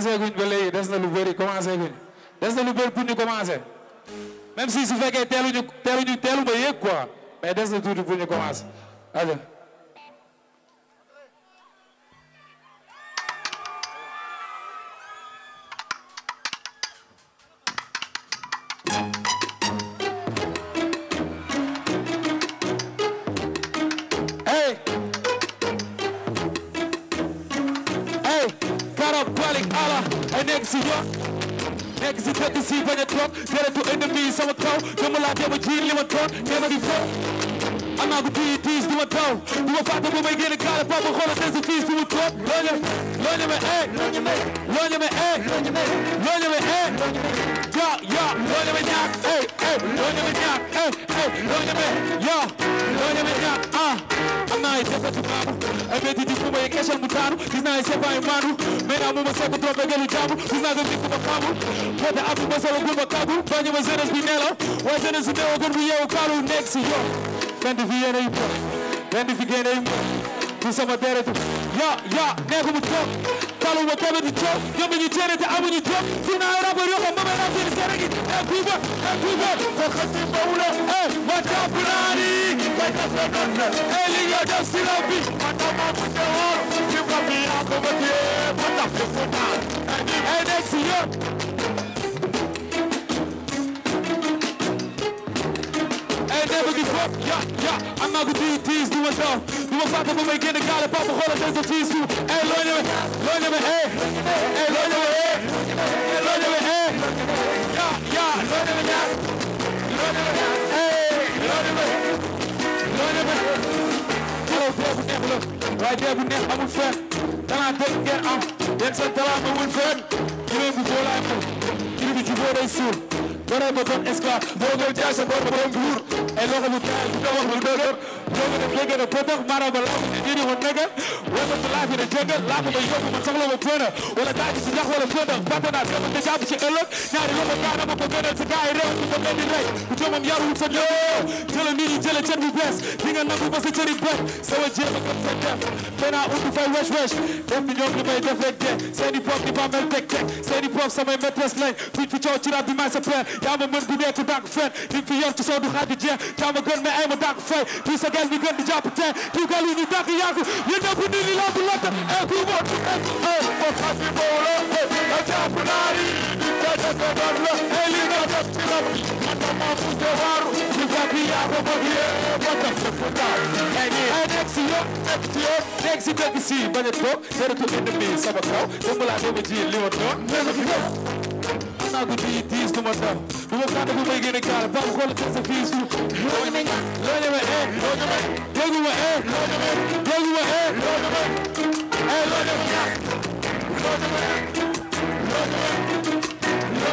commencé guñ ba léegi bëri commencé guñ des na ñu commencé même si su fekkee teeluñu teeluñu teelu ba yéeg quoi mais des na tuuti pour ñu commencé. doon nekk si fekk si bañ a toog deretu ennemi yi sama kaw dama laa jéem a jiin li ma doon jéem a di fo am naa ko bii diis du ma taw du ma fàtte bu may génn kaala papa xoolal des a fiis du ma toog loo ñeme loo ñeme eh loo ñeme loo ñeme eh loo ñeme loo ñeme eh ya ya loo ñeme ñaak eh eh loo ñeme ñaak eh eh loo ñeme ya loo ñeme ñaak ah I'm not a different problem. I made the different way, catch on Mutano. He's not a separate man. Man, I'm a separate drop again. He's not a big problem. But the apple was a good cabo. Bunny was in his Pinello. Was in his Pinello. Good Rio Caro next year. Fendi Vienna. Fendi Vienna. Do some of that. Yeah, yeah. kala wo keɓeɗi tew yomɓeñi tenede amuñi tew sina rabori ko mbaɓena sini seregi e duuba e duuba ko kasi bawla e wata bunani kaykafe non e liggo def sirabi matama kude hor kimbaɓiyakobadie matafde futan e next year I ain't never give up, yeah, yeah I'm not gonna do these, do it now Do my fuck up, I'm making the guy, pop a hole, there's a cheese too Hey, learn it, learn it, hey Hey, learn it, hey Hey, learn it, hey Yeah, yeah, learn it, yeah Learn it, hey Learn it, learn it, Hello, there, we never look Right there, we never, I'm a friend Then I didn't get on Then said that I'm a good friend Give me before I'm Give me before they soon Don't ever come escort Don't go dash, don't go blur loxo bu tey jogoɗo jogoɗo potok maraɓa laabuji ɗiɗi hon nega wonoto laafire jogal laabuɗo yoɓuma sohlamo pona wona daji so jahwala pona batana semo déjaɓe so ellon ñaari lomo ganama ko ɓeɗen so ga e rewɓe ko ɓeɗi rey ko jomam yaru wut fodde o jelo ndiri jele ceɗmi bees ɗiga nagguba so ceri bet sewo jeema kam sen def fena uddu fay wesh wesh defɓe ñomɗima e defred de seni pop ɗi bamel tek tek seni pop samay maîtresse lañ fiɗfi cowciraɓe ma so pen yama mon guɗe ko dako fen ɗim fi yorto sowdu haade jeen tama gonmi aymo dako fay ɗi so ga tugal ñu gën di jàpp te tugal yi ñu dàq yàggu ñu dëpp ni li lamb la ta e ku mo e ko xati bolo e la jàpp naari ta ta ko dal la e li na def ci la ma ta ma fu te waru ñu jàpp yaa ko bëgg ye ba ta ko dal e ni e nek si yo nek si yo nek si dëgg si bañat ko teratu indi bi sama kaw dama la dama ji li woon noon saagu bii diis du ma daw du ma fàtte bu may génne kaal ba mu xool te sa fii suuf loo ñeme loo ñeme eh loo ñeme déggu ma eh loo ñeme déggu ma eh loo ñeme eh loo ñeme loo ñeme loo ñeme loo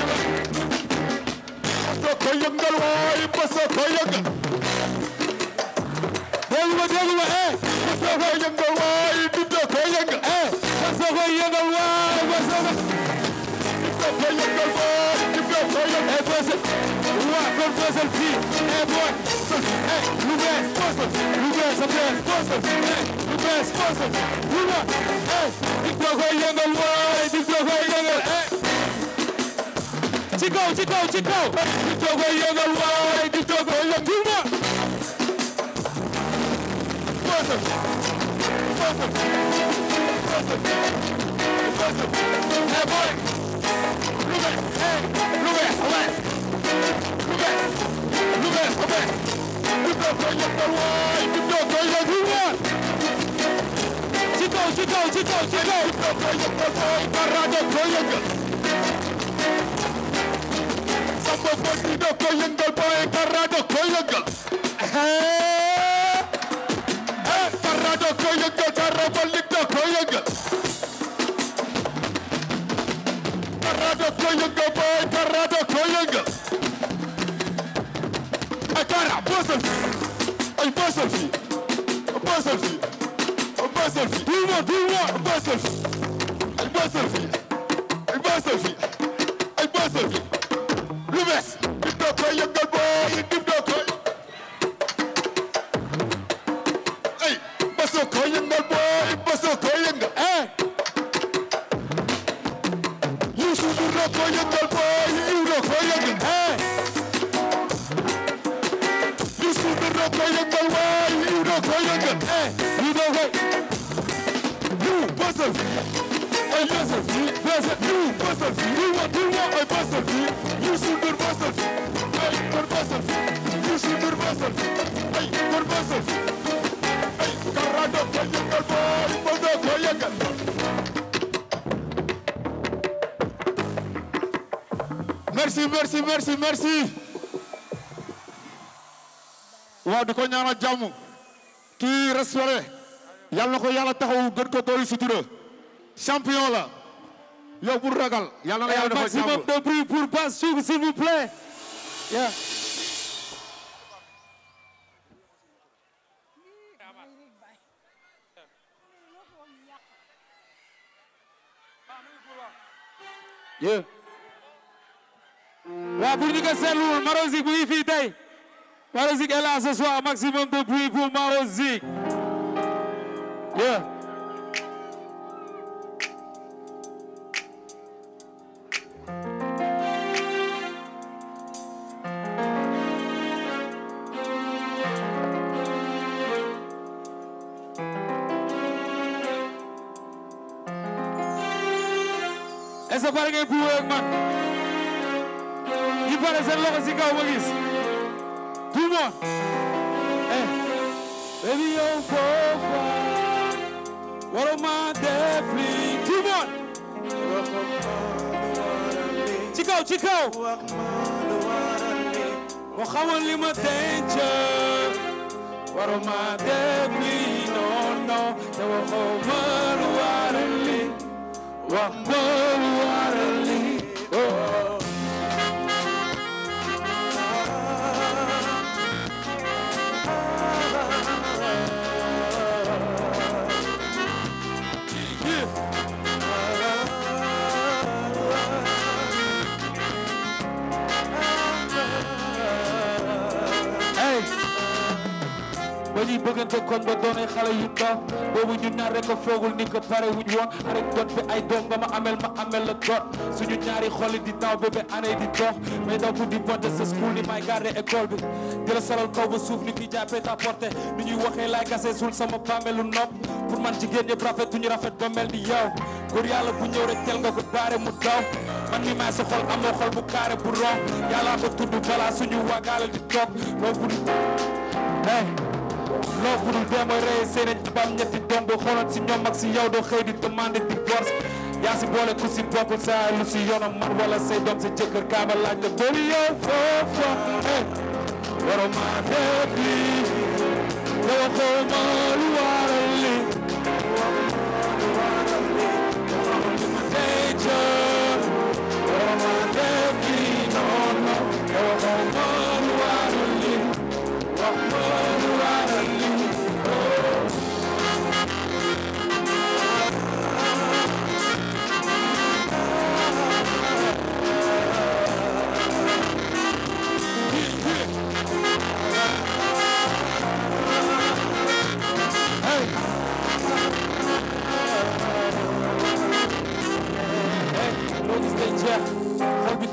ñeme mosoo ko yëngal waay mosoo ko yëngal posal fii eh boy eh lu bees posal lu bees a bees posal eh lu bees posal lu na eh dig doo koy yëngal waay dig doo koy yëngal eh ci kaw ci kaw ci kaw dig doo koy yëngal waay dig doo koy yëngal na posal posal posal posal eh boy lu bees eh lu bees ci kaw ci kaw barada ko yëngal samba ko di do ko yëngal boy barada ko yëngal No, do you want a birth selfie? A birth selfie. A birth selfie. A birth selfie. Lewis, give the boy your good boy. Give the boy. Hey, bust your boy, your good boy. Bust your boy, your good Hey. You should do rock for your good boy. You rock for your good Hey. You should do rock for your good boy. You rock for your good Hey. You don't wait. you bustle. I bustle. Bustle. You bustle. You want you want I bustle. You should be bustle. I got bustle. You should be bustle. I got bustle. Ay, carrado, coyote, boy, bodo, coyote. Merci, merci, merci, merci. waaw di ko ñaanal jàmm kii respiré yàlla na ko yàlla taxawu gën ko dooli sutura champion la yow bul ragal yàlla na maximum de bruit pour Bass s'il vous plaît yeah. yé waaw pour ñu ko seetluwul Marosic bu ngi fii tey Marosic est maximum de bruit pour Marosic Yeah. est-ce que pare ngeen fi wéy ak man ñi pare seen loxo si kaw ma gis tout le monde eh baby yow foofa what a man definitely. Two more. Chico, Chico. Mo xamoon li ma denc waruma def lii non non te waxoo ma lu lii wax ma lu waral ba ñuy bëggante kon ba doonay xale yu ndaw boobu ñu ñaar rek a foogul ni ko pare wuñ woon rek doot bi ay doom nga ma amel ma amel la doot suñu ñaari xol di taw bébé année di dox may daw pour di bonte sa school ni may garder école bi di la salal kaw ba suuf ni ki jàppee ta porté ni ñuy waxee laay gasee suul sama bàmmeelu nopp pour man jigéen ñëpp rafetuñu rafet ba mel ni yow góor yàlla bu ñëw rek tel nga ko baare mu daw man loo budul dee mooy rey sëy nañ tubaab ñetti doom si ñoom ak si yow doo xëy di demande divorce yaa boole ku si bokkul sa lu si yoonam man wala say doom sa jëkkër kaaba laaj la booli foofa eh waroo maa def lii te waxoo ma lii.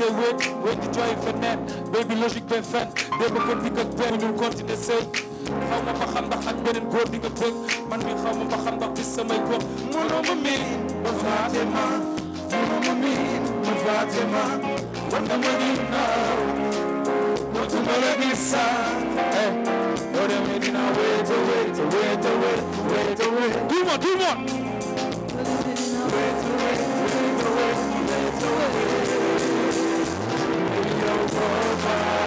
dee wéet wéet di jooy feneen béy bi logique bee fen dee ba kon di ko benn ñu continuer sëy xaw ma ba xam ndax ak beneen góor di nga bëgg man mi xaw ma ba xam ndax bis samay góor mënoo ma miin ba Fatima mënoo ma miin ba Fatima war na ma ginnaaw dootuma la gis sax eh boo demee dinaa wéet a wéet a wéet a wéet wéet a wéet tout le monde tout le monde wéet a wéet wéet a wéet wéet a wéet over.